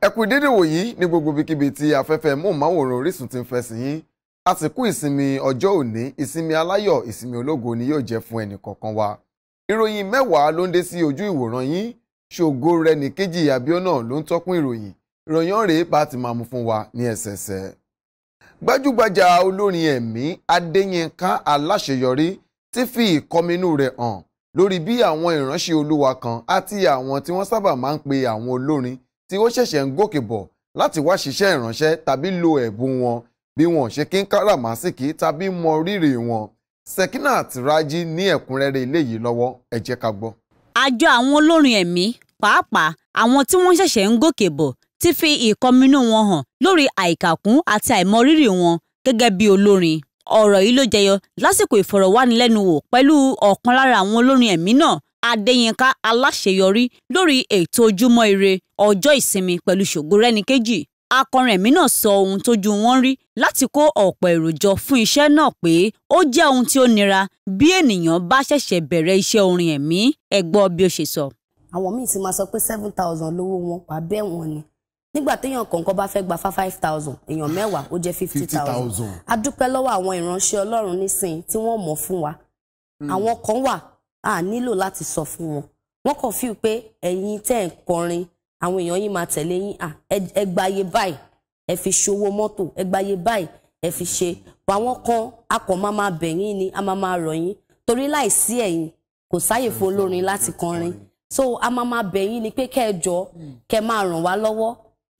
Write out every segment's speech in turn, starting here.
ẹ kú dédé wòyí ní gbogbo ibikíbi tí afẹ́fẹ́ móhùnmáwòrán Orísun ti ń fẹ́ sí yín àsìkò ìsinmi ọjọ́ òní ìsinmi aláyọ̀ ìsinmi ológo ni yóò jẹ́ fún ẹnì kọ̀ọ̀kan wa ìròyìn mẹ́wàá ló ń dé sí ojú ìwòran yín ṣògo rẹ nìkejì àbíọ́nà ló ń tọ́kún ìròyìn ìròyìn ọ̀rẹ́ bá ti máa mú fún wa ní ẹsẹẹsẹ. gbajúgbajà olórin ẹ̀mí Adéyínká Aláṣeyọrí ti fi ìkọminú rẹ̀ hàn lórí bí àwọn ìránṣẹ́ Olúwa kan àti àwọn tí wọ́n sábà máa ń pe àwọn olórin tí ó ṣẹ̀ṣẹ̀ ń gòkè bọ̀ láti wá ṣiṣẹ́ ìránṣẹ́ tàbí lo ẹ̀bùn wọn bí wọn ṣe kí ń káràmásìkì tàbí mọ rírì wọn Sekinat Raji ní ẹ̀kúnrẹ́rẹ́ eléyìí lọ́wọ́ ẹ jẹ́ ká gbọ́. àjọ àwọn olórin ẹ̀mí pàápàá àwọn tí wọ́n ṣẹ̀ṣẹ̀ ń gòkè bọ̀ ti fi ìkọminú wọn hàn lórí àìkàkún àti àìmọrírì wọn gẹ́gẹ́ bí olórin ọ̀rọ̀ yìí ló jẹyọ lásìkò ìfọ̀rọ̀wánilẹ́nuwò pẹ̀lú ọ̀kan lára àwọn olórin ẹ̀mí náà Adéyínká aláṣeyọrí lórí ètò ojúmọ́ ire ọjọ́ ìsinmi pẹ̀lú Ṣògorẹ́nìkejì akọrin ẹ̀mí náà sọ ohun tójú wọn rí láti kó ọ̀pọ̀ èrò jọ fún iṣẹ́ náà pé ó jẹ́ ohun tí ó nira bí ènìyàn bá ṣẹ̀ṣẹ̀ bẹ̀rẹ̀ iṣẹ́ orin ẹ̀mí ẹ gbọ́ bí ó ṣe sọ. àwọn míì ti máa sọ pé seven thousand lówó wọn wà bẹ́ẹ̀ wọn ni nígbà téèyàn kọ̀ọ̀kan bá fẹ́ gba five thousand èèyàn mẹ́wàá ó jẹ́ fifty thousand a dúpẹ́ lọ́wọ́ àwọn ìránṣẹ́ Ọlọ́run nísìnyí tí wọ́n mọ̀ fún wa hmm. àwọn kan wà a nílò láti sọ fún wọn wọn kàn fíw pé ẹ̀yin tẹ́ ẹ̀ ń kọrin àwọn èèyàn yìí máa tẹ̀lé yín à ẹ gbàyè báyìí ẹ fi ṣòwò mọ́tò ẹ gbàyè báyìí ẹ fi ṣe àwọn kan a kàn máa máa bẹ̀ yín ni a máa máa rọ̀ yín torí láìsí ẹ̀yin kò sáyè fún olórin láti kọrin so a máa máa bẹ̀ yín ni pé kẹ́ ẹ jọ kẹ́ máa ràn wá lọ́wọ́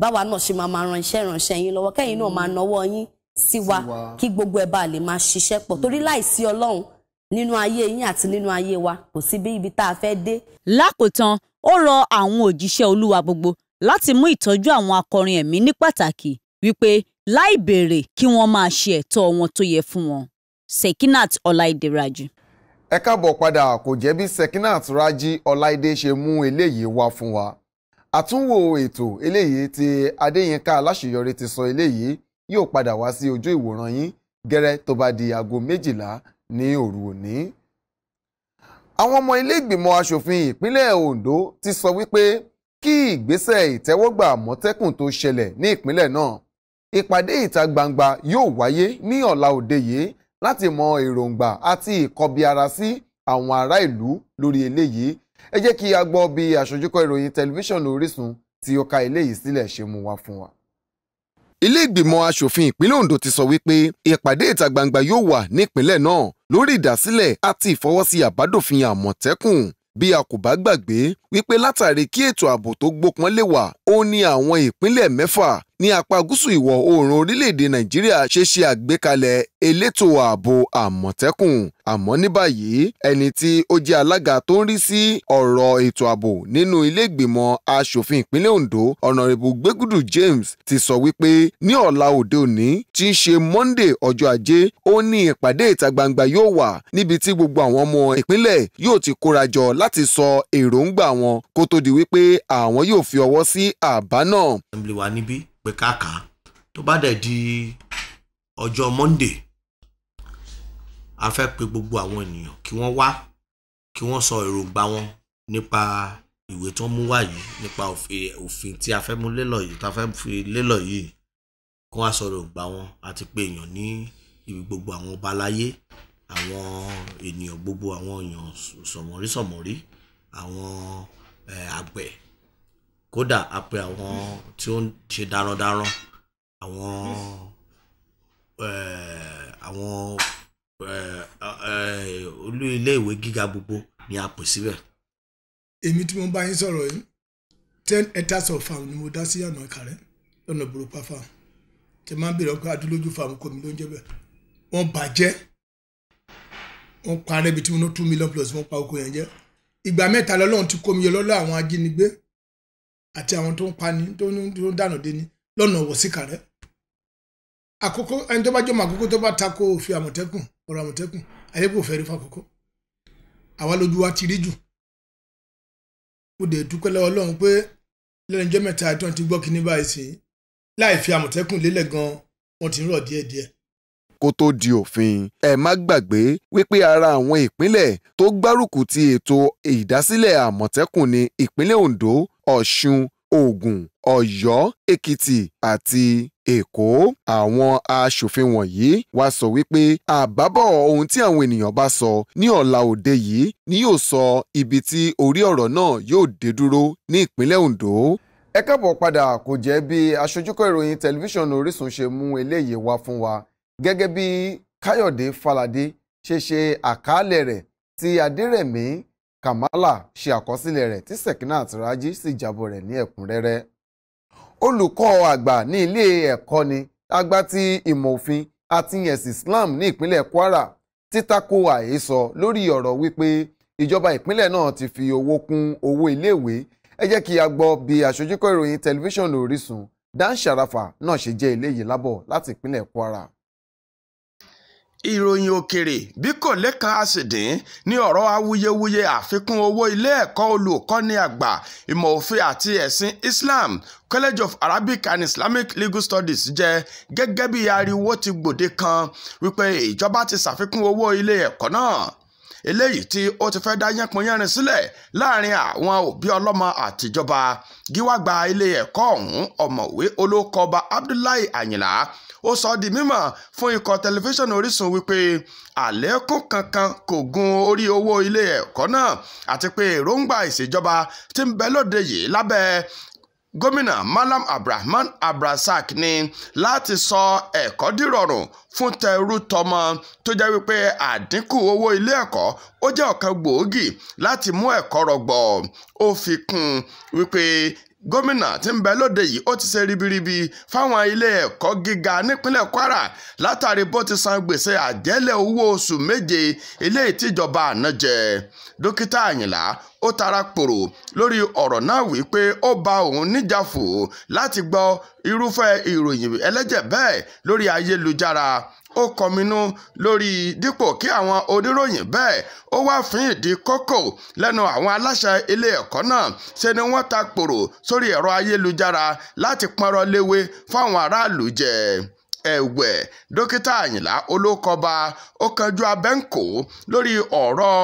báwa náà ṣe máa máa ran iṣẹ́ ìrànṣẹ́ yín lọ́wọ́ kẹ́yìn náà máa náwó yín sí wa kí gbogbo ẹ̀ bá lè máa ṣiṣẹ́ pọ̀ mm. torí láìsí ọlọ́run nínú ayé yín àti nínú ayé wa kò sí bí ibi tá a fẹ́ dé. lákòótán ó rọ àwọn òjíṣẹ́ olúwa gbogbo láti mú ìtọ́jú àwọn akọrin ẹ̀mí ní pàtàkì wípé láì béèrè kí wọ́n máa ṣe ẹ̀tọ́ wọn tó yẹ fún wọn. Sekinat Ọláìdé Rájí. ẹ káàbọ̀ padà kò jẹ́ bí Sekinat Rájí Ọláìdé ṣe mú eléyìí wá fún wa. àtúnwò ètò eléyìí tí Adéyínká Aláṣeyọrí ti sọ eléyìí yóò padà wá sí ojú ìwòran yín gẹ́rẹ́ tó bá di aago méjìlá ní òru òní. àwọn ọmọ ilé ìgbìmọ̀ asòfin ìpínlẹ̀ Ondo ti sọ wípé kí ìgbésẹ̀ ìtẹ́wọ́gbà àmọ̀tẹ́kùn tó ṣẹlẹ̀ ní ìpínlẹ̀ náà ìpàdé ìta gbangba yóò wáyé ní ọ̀la òde yìí láti mọ èròǹgbà àti ìkọbiara sí àwọn ará ìlú lórí eléyìí ẹ jẹ́ kí a gbọ́ bí àṣojúkọ ìròyìn tẹlifíṣàn Orísun tí ó ka eléyìí sílẹ̀ ṣe mú wá fún wa. ilé ìgbìmọ̀ asòfin ìpínlẹ̀ Ondo ti sọ wípé ìpàdé ìta gbangba yóò wà nípínlẹ̀ náà lórí ìdásílẹ̀ àti ìfọwọ́sí àbádòfin àmọ̀tẹ́kùn bí a kò bá gbàgbé wípé látàrí kí ètò ààbò tó gbópọn lè wà ó ní àwọn ìpínlẹ̀ mẹ́fà ní apá gúúsù ìwọ̀ oòrùn orílẹ̀-èdè nàìjíríà ṣe ṣe àgbékalẹ̀ elétò ààbò àmọ̀tẹ́kùn àmọ́ ní báyìí ẹni tí ó jẹ́ alága tó ń rí sí ọ̀rọ̀ ètò ààbò nínú ilé ìgbìmọ̀ asòfin ìpínlẹ̀ ondo ọ̀nàrẹ́bù gbẹ́gùdù james ti sọ wípé ní ọ̀la òde òní tí ń ṣe monday ọjọ́ ajé ó ní ìpàdé ìta gbangba yóò wà níbi tí gbogbo àwọn ọmọ ìpínlẹ̀ yóò ti kóra jọ láti sọ èròǹgbà wọn kó tó di wípé àwọn yóò fi ọwọ́ sí àbá náà. assembly wa níbí pé káàká tó bá dẹ̀ di ọjọ́ Monday a fẹ́ pe gbogbo àwọn ènìyàn kí wọ́n wá kí wọ́n sọ èròǹgbà wọn nípa ìwé tó ń mú wá yìí nípa òfin tí a fẹ́ mú lélọ̀ yìí tá a fẹ́ fi lélọ̀ yìí kí wọ́n á sọ èròǹgbà wọn àti pé èèyàn ní ibi gbogbo àwọn ọba láyé àwọn ènìyàn gbogbo àwọn èèyàn sọ̀mọ̀rí sọ̀mọ̀rí àwọn àgbẹ̀ kódà a pe àwọn tí ó ń ṣe darandaran àwọn àwọn olú ilé ìwé gíga gbogbo ni a pè síbẹ̀. èmi tí mo bá yín sọ̀rọ̀ yìí ten hectares of farm ni mo dá sí àná kàrẹ́ lọ́nà burúkú farm tẹ máa ń bèrè ọkọ adúlójú farm kò mí ló ń jẹ́ bẹ́ẹ̀ wọ́n bàjẹ́ wọ́n parẹ́ ibi two million plus wọ́n pa oko yẹn jẹ́ ìgbà mẹ́ta lọ́lọ́run ti kó mi yọ lọ́lọ́ àwọn ajínigbé àti àwọn tó ń pani tó ń dànù déni lọ́nà wọ̀síkàrẹ́ àkókò ẹni tó bá jọmọ àkókò tó bá tako òfin àmọ̀tẹ́kùn ọ̀rọ̀ àmọ̀tẹ́kùn ayé kò fẹ́ rí fàkókò àwa lójú wa ti rí jù mo dẹ̀ dúpẹ́ lọ́wọ́ Ọlọ́run pé lẹ́nu ọjọ́ mẹ́ta tí wọ́n ti gbọ́ kíní báyìí sí láì fi àmọ̀tẹ́kùn lélẹ̀ gan wọ́n ti ń rọ̀ díẹ̀díẹ̀ kó tó di òfin. ẹ má gbàgbé wípé ara àwọn ìpínlẹ̀ tó gbárùkù ti ètò ìdásílẹ̀ àmọ̀tẹ́kùn ní ìpínlẹ̀ Ondo Ọ̀ṣun Ògùn Ọ̀yọ́ Èkìtì àti Èkó àwọn aṣòfin wọ̀nyí wá sọ wípé àbábọ̀ ohun tí àwọn ènìyàn bá sọ ní ọ̀la òde yìí ni yóò sọ ibi tí orí ọ̀rọ̀ náà yóò dé dúró ní ìpínlẹ̀ Ondo. ẹ káàbọ̀ padà kò jẹ́ bí aṣojúkọ̀ ìròyìn tẹlifíṣàn Orísun ṣe mú eléyìí wá fún wa gẹ́gẹ́ bí káyọ̀dé faladé ṣe ṣe àkàálẹ̀ rẹ̀ tí adérẹ̀mí kamala ṣe àkọsílẹ̀ rẹ̀ tí sekinat raji sì jábọ̀ rẹ̀ ní ẹ̀kúnrẹ́rẹ́ olùkọ́ àgbà ní ilé ẹ̀kọ́ ni àgbà ti ìmọ̀ òfin àti ẹ̀sìn islam ní ìpínlẹ̀ kwara títako àhesọ lórí ọ̀rọ̀ wípé ìjọba ìpínlẹ̀ náà ti fi owó kún owó iléèwé ẹ jẹ́ kí a gbọ́ bí aṣojúkọ̀ ìròyìn tẹlifíṣàn Orísun Dan Sharafa náà ṣe jẹ́ eléyìí lábọ̀ láti ìpínlẹ̀ kwara ìròyìn òkèèrè bí kò lẹ́kan àṣìdín ní ọ̀rọ̀ awuyewuye àfikún owó ilé ẹ̀kọ́ olùkọ́ni àgbà ìmọ̀ òfin àti ẹ̀sìn Islam College of Arabic and Islamic Legal Studies jẹ́ gẹ́gẹ́ bí ariwo ti gbòde kan wípé ìjọba ti ṣàfikún owó ilé ẹ̀kọ́ náà eléyìí tí ó ti fẹ́ dá yánpọnyánrin sílẹ̀ láàrin àwọn òbí ọlọ́mọ àtijọba gíwàgbà ilé ẹ̀kọ́ ọ̀hún ọ̀mọ̀wé olókọba Abdullahi Àyìnlá ó sọ di mímọ̀ fún ikọ̀ tẹlifíṣàn Orísun wípé àlékún kankan kò gun orí owó ilé ẹ̀kọ́ náà àti pé èròǹgbà ìṣèjọba tí ń bẹ lóde yìí lábẹ́ gómìnà malam abrahman abrasak ni láti sọ ẹ̀kọ́ dìrọ̀rùn fún tẹrú tọmọ tó jẹ́ wípé àdínkù owó ilé ẹ̀kọ́ ó jẹ́ ọ̀kan gbòógì láti mú ẹ̀kọ́ rọgbọ ó fi kún wípé gómìnà tí ń bẹ lóde yìí ó ti ṣe ribiribi fáwọn ilé ẹ̀kọ́ gíga nípínlẹ̀ kwara látàrí bó ti san gbèsè àjẹ́lẹ̀ owó oṣù méje ilé ìtìjọba àná jẹ dókítà àyìnlá ó tara pòrò lórí ọ̀rọ̀ náà wípé ó ba òun níjàfò láti gbọ́ irúfẹ́ ìròyìn ẹlẹ́jẹ̀ bẹ́ẹ̀ lórí ayélujára ó kọminú lórí dípò kí àwọn oníròyìn bẹ́ẹ̀ ó wá fún ìdí kókò lẹ́nu àwọn aláṣẹ ilé ẹ̀kọ́ náà ṣe ni wọ́n ta kpòrò sórí ẹ̀rọ ayélujára láti pọ́nrọ́ léwé fáwọn aráàlú jẹ ẹ̀wẹ̀ dókítà àyìnlá olókọba ó kanjú abẹ́ǹkó lórí ọ̀rọ̀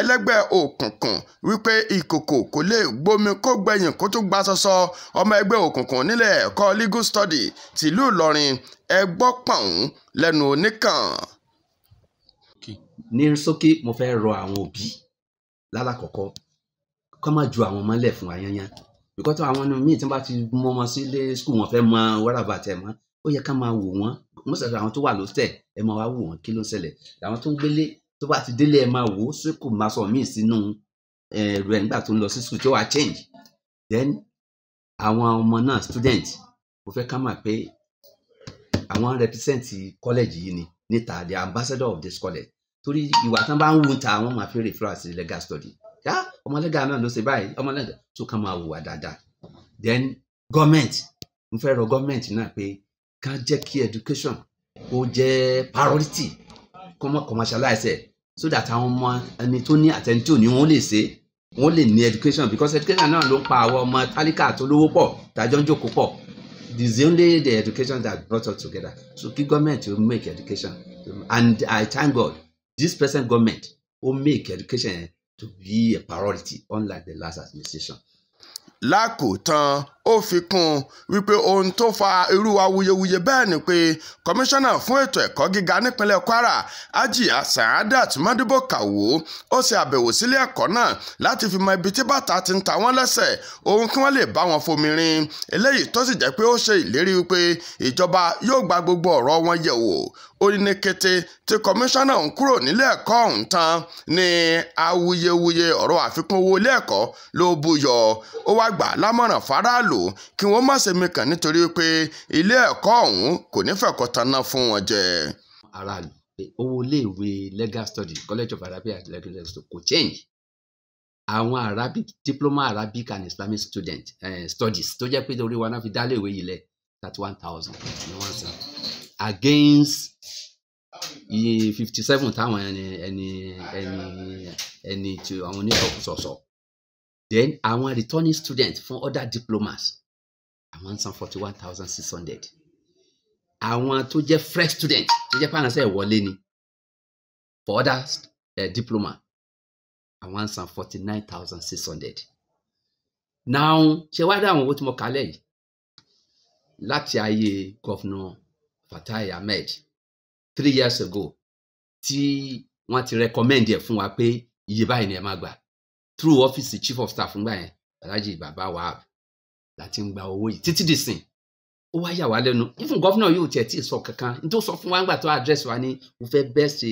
ẹlẹ́gbẹ́ òkùnkùn wípé ìkòkò kò lè gbómi kó gbẹ̀yìn kó tún gba sọsọ ọmọ ẹgbẹ́ òkùnkùn nílẹ̀ ẹ̀kọ́ legal study tìlú Ìlọrin ẹ gbọ́ pọ̀n lẹ́nu oníkàn. ní sókè mo fẹ́ rọ àwọn òbí lálàkọ́kọ́ kọ́ má ju àwọn mọ́lẹ̀ fún ayányán bíkọ́tọ̀ àwọn ẹni míì tí wọ́n bá ti mú ọmọ sílé skul wọn fẹ́ mọ wàràbà tẹ̀ mọ́ ó yẹ ká máa wò wọ́n wọ́n sọ̀rọ̀ àwọn tó wà lọ́sẹ̀ ẹ máa wá wò wọ́n kí ló ń ṣẹlẹ̀ àwọn tó ń gbélé tó bá ti délé ẹ máa wò ó sí kò máa sọ míì sínú ẹ̀rọ ẹ̀ nígbà tó ń lọ sí skul tí ó wàá change then àwọn ọmọ náà student mo fẹ́ ká mà pé àwọn represent college yìí ni níta the ambassador of this college torí ìwà tán bá ń wù ta àwọn máa fi referral sí legal study yá ọmọ legal náà ló ṣe báyìí ọmọ legal tó kàn máa wùwà dáadáa then government mo fẹ́ rọ government náà pé ká jẹ́ kí education kó jẹ́ priority kó mọ̀ commercialize ẹ̀ so that àwọn ọmọ ẹni tó ní àtẹni tí ò ní wọn lè ṣe wọn lè ní education because education náà ló ń pa àwọn ọmọ tálíkà tó lówó pọ̀ tàjọ́ ń jókòó pọ̀ is only the education that brought us together. So kí government will make education. And I thank God, this present government will make education to be a priority unlike the last administration. Lákòótán ó fi kún un wípé ohun tó fa irú awuyewuye bẹ́ẹ̀ ni pé kọmíṣánná fún ètò ẹ̀kọ́ gíga nípínlẹ̀ Kwara Hajiya Sa'adat Modibo Kawo ó ṣe àbẹ̀wò sílé ẹ̀kọ́ náà láti fi mọ ibi tí bàtà ti ń ta wọ́n lẹ́sẹ̀ ohun kí wọ́n lè bá wọn fomi rin eléyìí tó sì jẹ́ pé ó ṣe ìlérí wípé ìjọba yóò gba gbogbo ọ̀rọ̀ wọn yẹ̀ wò ó ní kété tí kọmíṣánná ń kúrò nílé ẹ̀kọ́ ọ̀hún tán ni awuyewuye ọ̀rọ̀ àfikún owó ilé ẹ̀kọ́ ló buyọ̀ ó wá gbà lámọ̀ràn faraàlú lérò kí wọ́n má ṣe mikàn nítorí pé ilé ẹ̀kọ́ ọ̀hún kò ní fẹ̀kọ́ taná fún wọn jẹ. aráàlú owó iléèwé legal study college of arabic and legal studies kò change àwọn arabic diploma arabic and islamic student uh, studies tó jẹ́ pé orí wa náà fi dálé ìwé yìí lẹ̀ thirty one thousand ni wọ́n san against iye fifty seven táwọn ẹni ẹni ẹni ẹni tí àwọn oníṣòwò sọ̀sọ̀. then àwọn returning students fún other diplomas àwọn ń san forty one thousand six hundred àwọn tó jẹ́ fresh student tó jẹ́ pàrọ̀sẹ̀ wọlé ni for other uh, diploma àwọn ń san forty nine thousand six hundred now ṣe wá dá owó tí mo kalẹ̀ yìí láti ayé gọ́fìnà Fatai Ahmed three years ago tí wọ́n ti recommend ẹ̀ fún wa pé iye báyìí ni ẹ máa gbà through ọ́fíìsì chief of staff ńgbà yẹn alhaji baba wahab láti ń gba owó yìí títí di sìn ó wá yà wá lẹ́nu even governor yóò tiẹ̀ tí ì sọ kankan n tó sọ fún wa ńgbà tó address wa ni mo fẹ́ bẹ́ẹ̀ ṣe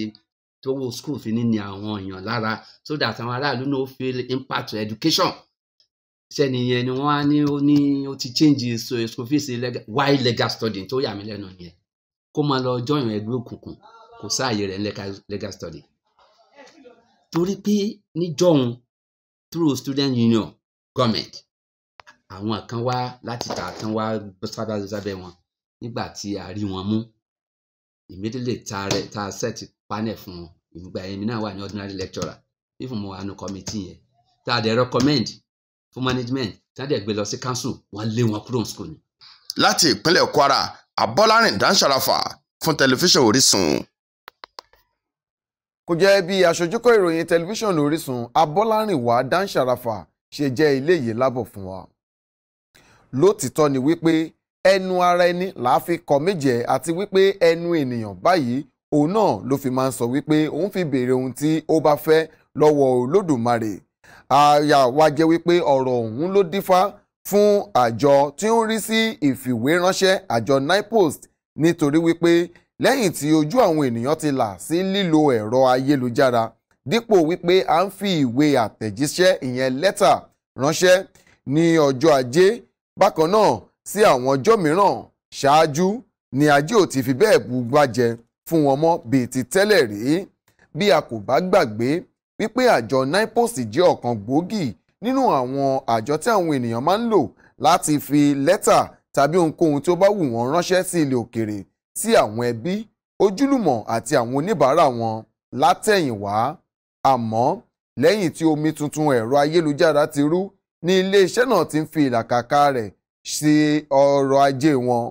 tówó school fi ní ni àwọn èèyàn lára so that àwọn aráàlú náà feel impact to education sẹ́ni yẹn ni wọ́n á ní ó ní ó ti change so school fees why legal study tó yà mí lẹ́nu yẹn kó máa lọ join ẹgbẹ́ òkùnkùn kò sáàyè rẹ̀ legal study torí pé níjọ́hun through student union government àwọn kan wá láti ta kan wá sábà sábẹ́ wọn nígbà tí a rí wọn mú immediately ta rẹ ta set panel fún wọn ìgbà èmi náà wà ní ordinary lecturer even mo wà ní committee yẹn tá a recommend fún management tá a dẹ̀ gbé lọ sí council wọ́n lé wọn kúrò ní school ni. láti ìpínlẹ̀ Kwara Abọ́lárìn Dan Sharafa fún tẹlifíṣàn Orísun kò jẹ́ bí aṣojúkọ ìròyìn tẹlifíṣàn Orísun Abọ́lárìnwá Dan Sharafa ṣe jẹ́ ilé yìí lábọ̀ fún wa. lótìtọ́ ni wípé ẹnu ara ẹni làá fi kọ méje àti wípé ẹnu ènìyàn báyìí òun náà ló fi máa ń sọ wípé òun fi béèrè ohun tí ó bá fẹ́ lọ́wọ́ Olódùmarè àyà wa jẹ́ wípé ọ̀rọ̀ ọ̀hún ló dífá fún àjọ tí ó ń rí sí ìfìwéránṣẹ́ àjọ NIPOST nítorí wípé lẹ́yìn tí ojú àwọn ènìyàn ti là sí lílo ẹ̀rọ ayélujára dípò wípé à ń fi ìwé àtẹ̀jíṣẹ́ ìyẹn lẹ́tà ránṣẹ́ ní ọjọ́ ajé bákan náà sí àwọn ọjọ́ mìíràn ṣáájú ni ajé ò ti fi bẹ́ẹ̀ bu gbájẹ fún wọn mọ́ bíi ti tẹ́lẹ̀ rí bí a kò bá gbàgbé wípé àjọ NIPOS jẹ́ ọ̀kan gbòógì nínú àwọn àjọ tí àwọn ènìyàn máa ń lò láti fi lẹ́tà tàbí ohunkóhun tí ó bá wù wọ́n ránṣẹ́ sí ilẹ̀ òkèrè sí àwọn ẹbí ojúlùmọ̀ àti àwọn oníbàárà wọn látẹ̀yìnwá àmọ́ lẹ́yìn tí omi tuntun ẹ̀rọ ayélujára ti rú ní iléeṣẹ́ náà ti ń fi ìlàkàkà rẹ̀ ṣe ọrọ̀ ajé wọn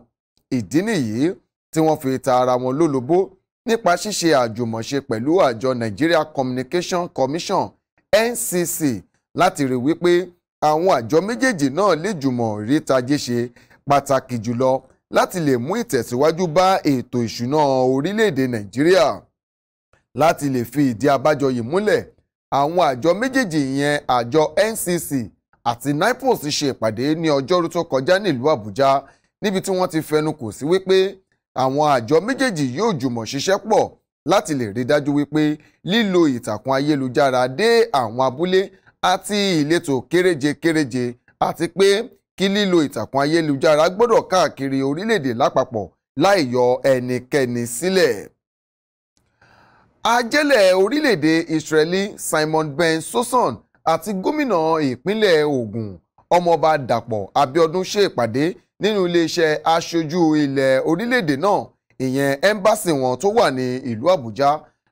ìdí nìyí tí wọ́n fi ta ara wọn lólobó nípa ṣíṣe àjùmọ̀ṣe pẹ̀lú àjọ Nigeria Communication Commission NCC láti rí wípé àwọn àjọ méjèèjì náà lè jùmọ̀ rí tajé ṣe pàtàkì jùlọ láti lè mú ìtẹ̀síwájú bá ètò ìṣúná orílẹ̀-èdè nàìjíríà láti lè fi ìdí abájọ yìí múlẹ̀ àwọn àjọ méjèèjì ìyẹn àjọ ncc àti nipos ṣe ìpàdé ní ọjọ́rú tó kọjá nílùú àbújá níbi tí wọ́n ti fẹnu kò sí wípé àwọn àjọ méjèèjì yóò jùmọ̀ ṣiṣẹ́ pọ̀ láti lè rí dájú wípé lílo ìtàkùn ayélujára dé àwọn abúlé àti ìletò kéréje kéréje àti pé kí lílo ìtàkùn ayélujára gbọ́dọ̀ káàkiri orílẹ̀-èdè lápapọ̀ láì yọ ẹnikẹ́ni sílẹ̀. ajẹ́lẹ̀ orílẹ̀-èdè Israeli Simon Ben Sosson àti gómìnà ìpínlẹ̀ Ògùn ọmọọba Dàpọ̀ Abíọ́dún ṣe ìpàdé nínú iléeṣẹ́ aṣojú ilẹ̀ orílẹ̀-èdè náà ìyẹn ẹ́mbáàsì wọn tó wà ní ìlú Àbújá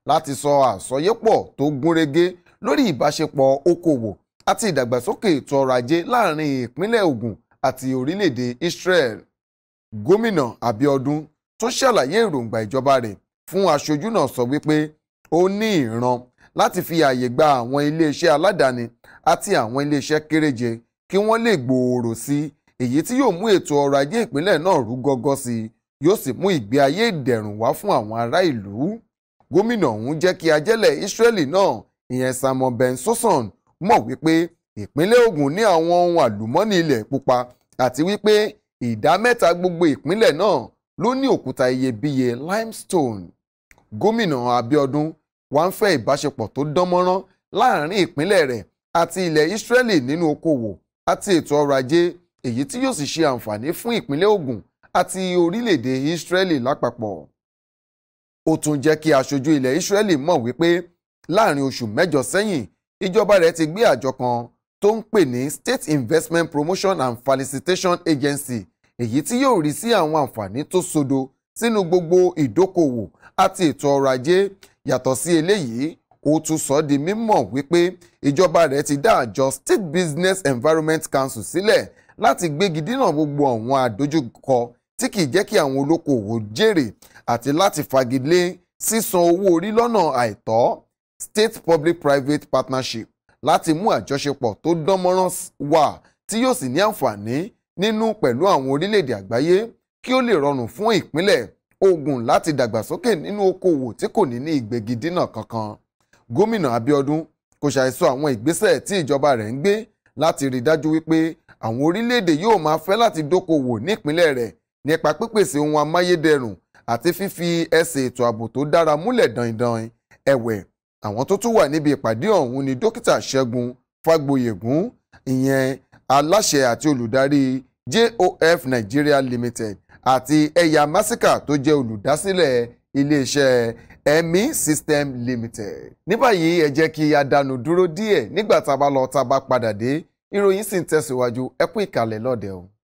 láti sọ àsọyépọ̀ tó gúnrégé lórí ìbáṣepọ̀ okòwò àti ìdàgbàsókè ètò ọrọ̀ ajé láàrin ìpínlẹ̀ Ògùn àti orílẹ̀-èdè Israel gómìnà abiodun tó ṣàlàyé èròǹgbà ìjọba rẹ̀ fún aṣojú náà sọ wípé ó ní ìran láti fi ààyè gba àwọn iléeṣẹ́ aládàáni àti àwọn iléeṣẹ́ kéréje kí wọ́n lè gbòòrò sí èyí tí yóò mú ètò ọrọ̀ ajé ìpínlẹ̀ náà rú gọ́gọ́ sí i yóò sì mú ìgbé ayé ìdẹ̀rùn wá fún àwọn ará ìlú gómìnà ọ̀hún jẹ́ kí ajẹ́lẹ̀ Ísírẹ́lì náà ìyẹn Simon Ben Sosson mọ̀ wípé ìpínlẹ̀ Ògùn ní àwọn ohun àlùmọ́nì ilẹ̀ pupa àti wípé ìdá mẹ́ta gbogbo ìpínlẹ̀ náà ló ní òkúta iyebíye limestone gómìnà Abíọ́dún wá ń fẹ́ ìbáṣepọ̀ tó dán mọ́rán láàrin ìpínlẹ̀ rẹ̀ àti ilẹ̀ Ísírẹ́lì nínú okòwò àti ètò ọrọ̀ ajé èyí tí yóò sì ṣe àǹfààní fún ìpínlẹ̀ Ògùn àti orílẹ̀-èdè Ísírẹ́lì lápapọ̀ ó tún jẹ́ kí aṣojú ilẹ̀ Ísírẹ́lì mọ̀ wípé láàrin oṣù mẹ́jọ sẹ́yìn ìjọba rẹ̀ ti gbé àjọ kan tó ń pè ní State Investment Promotion and Facilitation Agency èyí tí yóò rí sí àwọn àǹfààní tó sodo sínú gbogbo ìdókòwò àti ètò ọrọ̀ ajé yàtọ̀ sí eléyìí ó tún sọ di mímọ̀ wípé ìjọba rẹ̀ ti dá àjọ State Business Environment Council sílẹ̀ láti gbégi dínà gbogbo àwọn àdójúkọ tí kìí jẹ́ kí àwọn olókoòwò jèrè àti láti fagilé sísan owó orí lọ́nà àìtọ́ state public-private partnership láti mú àjọṣepọ̀ tó dánmọ́rán wà tí yóò sì ní àǹfààní nínú pẹ̀lú àwọn orílẹ̀-èdè àgbáyé kí ó lè rọrùn fún ìpínlẹ̀ Ògùn láti dàgbàsókè nínú okòwò tí kò ní ní ìgbégi dínà kankan gómìnà Abíọ́dún kò ṣàìsọ àwọn ìgbésẹ̀ tí ìjọba rẹ̀ ń gbé láti rí dájú wípé àwọn orílẹ̀-èdè yóò máa fẹ́ láti dókòwò nípínlẹ̀ rẹ̀ nípa pípèsè ohun amáyédẹrùn àti fífi ẹsẹ̀ ètò ààbò tó dára múlẹ̀ dandan ẹ̀wẹ̀ àwọn tó tún wà níbi ìpàdé ọ̀hún ni dókítà ṣẹ́gun fagboyègún ìyẹn aláṣẹ àti olùdarí jof nigeria limited àti ẹ̀yà masika tó jẹ́ olùdásílẹ̀ iléeṣẹ́ emi system limited. ní báyìí ẹ jẹ́ kí a dánu dúró díẹ̀ nígbà tá a bá lọ tá a bá padà dé ìròyìn sì ń tẹ̀síwájú ẹ kú ìkàlẹ̀ lọ́dẹ̀ o.